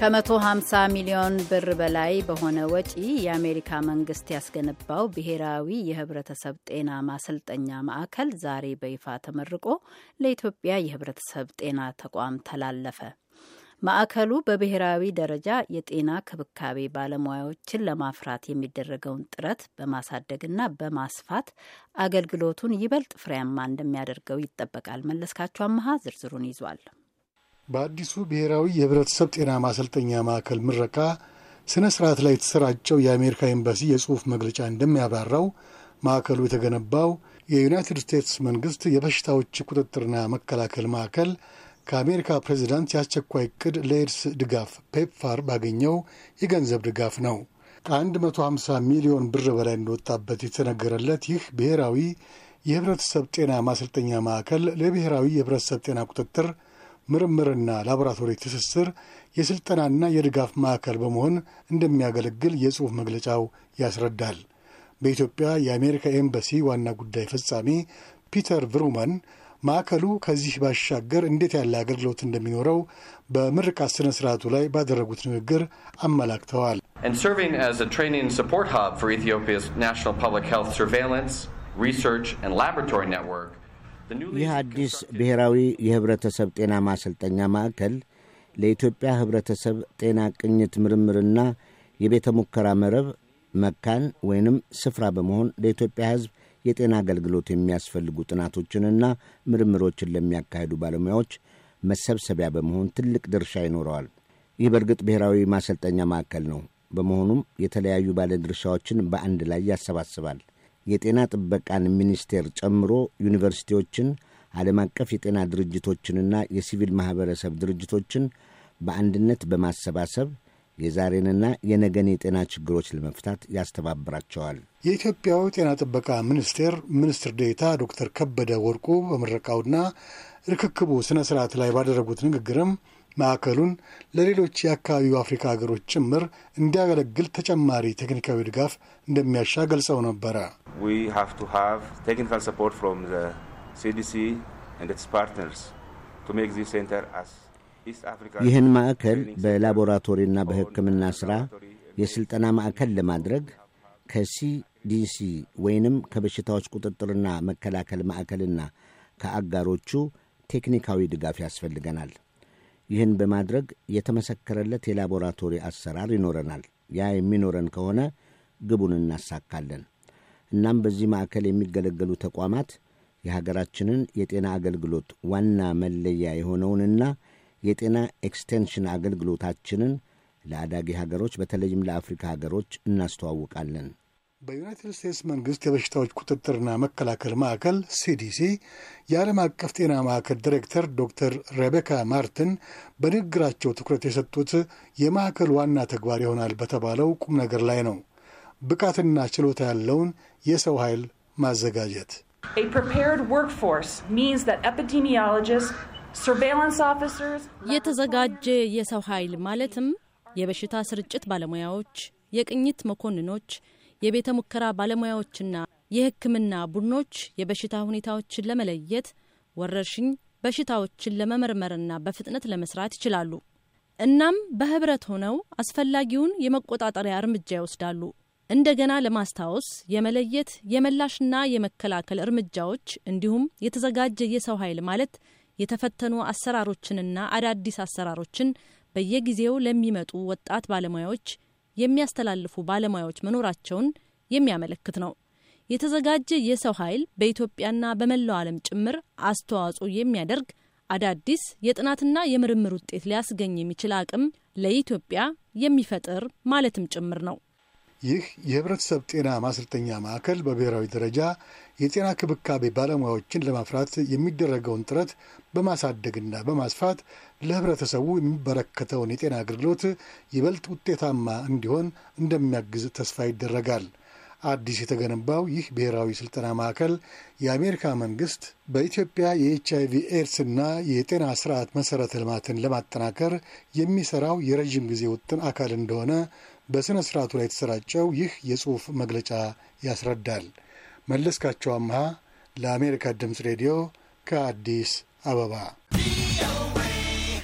ከ150 ሚሊዮን ብር በላይ በሆነ ወጪ የአሜሪካ መንግስት ያስገነባው ብሔራዊ የህብረተሰብ ጤና ማሰልጠኛ ማዕከል ዛሬ በይፋ ተመርቆ ለኢትዮጵያ የህብረተሰብ ጤና ተቋም ተላለፈ። ማዕከሉ በብሔራዊ ደረጃ የጤና ክብካቤ ባለሙያዎችን ለማፍራት የሚደረገውን ጥረት በማሳደግና በማስፋት አገልግሎቱን ይበልጥ ፍሬያማ እንደሚያደርገው ይጠበቃል። መለስካቸው አመሀ ዝርዝሩን ይዟል። በአዲሱ ብሔራዊ የህብረተሰብ ጤና ማሰልጠኛ ማዕከል ምረቃ ስነ ስርዓት ላይ የተሰራጨው የአሜሪካ ኤምባሲ የጽሑፍ መግለጫ እንደሚያብራራው ማዕከሉ የተገነባው የዩናይትድ ስቴትስ መንግስት የበሽታዎች ቁጥጥርና መከላከል ማዕከል ከአሜሪካ ፕሬዚዳንት የአስቸኳይ እቅድ ለኤድስ ድጋፍ ፔፕፋር ባገኘው የገንዘብ ድጋፍ ነው። ከ150 ሚሊዮን ብር በላይ እንደወጣበት የተነገረለት ይህ ብሔራዊ የህብረተሰብ ጤና ማሰልጠኛ ማዕከል ለብሔራዊ የህብረተሰብ ጤና ቁጥጥር ምርምርና ላቦራቶሪ ትስስር የሥልጠናና የድጋፍ ማዕከል በመሆን እንደሚያገለግል የጽሑፍ መግለጫው ያስረዳል። በኢትዮጵያ የአሜሪካ ኤምባሲ ዋና ጉዳይ ፈጻሚ ፒተር ቭሩማን ማዕከሉ ከዚህ ባሻገር እንዴት ያለ አገልግሎት እንደሚኖረው በምርቃት ስነ ስርዓቱ ላይ ባደረጉት ንግግር አመላክተዋል። ይህ አዲስ ብሔራዊ የህብረተሰብ ጤና ማሰልጠኛ ማዕከል ለኢትዮጵያ ህብረተሰብ ጤና ቅኝት ምርምርና የቤተ ሙከራ መረብ መካን ወይንም ስፍራ በመሆን ለኢትዮጵያ ህዝብ የጤና አገልግሎት የሚያስፈልጉ ጥናቶችንና ምርምሮችን ለሚያካሂዱ ባለሙያዎች መሰብሰቢያ በመሆን ትልቅ ድርሻ ይኖረዋል። ይህ በእርግጥ ብሔራዊ ማሰልጠኛ ማዕከል ነው። በመሆኑም የተለያዩ ባለድርሻዎችን በአንድ ላይ ያሰባስባል። የጤና ጥበቃን ሚኒስቴር ጨምሮ ዩኒቨርሲቲዎችን፣ ዓለም አቀፍ የጤና ድርጅቶችንና የሲቪል ማኅበረሰብ ድርጅቶችን በአንድነት በማሰባሰብ የዛሬንና የነገን የጤና ችግሮች ለመፍታት ያስተባብራቸዋል። የኢትዮጵያው ጤና ጥበቃ ሚኒስቴር ሚኒስትር ዴታ ዶክተር ከበደ ወርቁ በምረቃውና ርክክቡ ስነ ስርዓት ላይ ባደረጉት ንግግርም ማዕከሉን ለሌሎች የአካባቢው አፍሪካ ሀገሮች ጭምር እንዲያገለግል ተጨማሪ ቴክኒካዊ ድጋፍ እንደሚያሻ ገልጸው ነበረ። ሲዲሲ ፓርትነርስ ይህን ማዕከል በላቦራቶሪና በሕክምና ሥራ የሥልጠና ማዕከል ለማድረግ ከሲዲሲ ወይንም ከበሽታዎች ቁጥጥርና መከላከል ማዕከልና ከአጋሮቹ ቴክኒካዊ ድጋፍ ያስፈልገናል። ይህን በማድረግ የተመሰከረለት የላቦራቶሪ አሰራር ይኖረናል። ያ የሚኖረን ከሆነ ግቡን እናሳካለን። እናም በዚህ ማዕከል የሚገለገሉ ተቋማት የሀገራችንን የጤና አገልግሎት ዋና መለያ የሆነውንና የጤና ኤክስቴንሽን አገልግሎታችንን ለአዳጊ ሀገሮች በተለይም ለአፍሪካ ሀገሮች እናስተዋውቃለን። በዩናይትድ ስቴትስ መንግስት የበሽታዎች ቁጥጥርና መከላከል ማዕከል ሲዲሲ የዓለም አቀፍ ጤና ማዕከል ዲሬክተር ዶክተር ሬቤካ ማርትን በንግግራቸው ትኩረት የሰጡት የማዕከል ዋና ተግባር ይሆናል በተባለው ቁም ነገር ላይ ነው። ብቃትና ችሎታ ያለውን የሰው ኃይል ማዘጋጀት A prepared workforce means that epidemiologists, የተዘጋጀ የሰው ኃይል ማለትም የበሽታ ስርጭት ባለሙያዎች፣ የቅኝት መኮንኖች፣ የቤተ ሙከራ ባለሙያዎችና የሕክምና ቡድኖች የበሽታ ሁኔታዎችን ለመለየት ወረርሽኝ በሽታዎችን ለመመርመርና በፍጥነት ለመስራት ይችላሉ። እናም በህብረት ሆነው አስፈላጊውን የመቆጣጠሪያ እርምጃ ይወስዳሉ። እንደገና ለማስታወስ የመለየት የመላሽና የመከላከል እርምጃዎች እንዲሁም የተዘጋጀ የሰው ኃይል ማለት የተፈተኑ አሰራሮችንና አዳዲስ አሰራሮችን በየጊዜው ለሚመጡ ወጣት ባለሙያዎች የሚያስተላልፉ ባለሙያዎች መኖራቸውን የሚያመለክት ነው። የተዘጋጀ የሰው ኃይል በኢትዮጵያና በመላው ዓለም ጭምር አስተዋጽኦ የሚያደርግ አዳዲስ የጥናትና የምርምር ውጤት ሊያስገኝ የሚችል አቅም ለኢትዮጵያ የሚፈጥር ማለትም ጭምር ነው። ይህ የህብረተሰብ ጤና ማሰልጠኛ ማዕከል በብሔራዊ ደረጃ የጤና ክብካቤ ባለሙያዎችን ለማፍራት የሚደረገውን ጥረት በማሳደግና በማስፋት ለህብረተሰቡ የሚበረከተውን የጤና አገልግሎት ይበልጥ ውጤታማ እንዲሆን እንደሚያግዝ ተስፋ ይደረጋል። አዲስ የተገነባው ይህ ብሔራዊ ስልጠና ማዕከል የአሜሪካ መንግስት በኢትዮጵያ የኤች አይቪ ኤድስና የጤና ስርዓት መሠረተ ልማትን ለማጠናከር የሚሰራው የረዥም ጊዜ ውጥን አካል እንደሆነ በሥነ ሥርዓቱ ላይ የተሰራጨው ይህ የጽሑፍ መግለጫ ያስረዳል። መለስካቸው አምሃ ለአሜሪካ ድምፅ ሬዲዮ ከአዲስ አበባ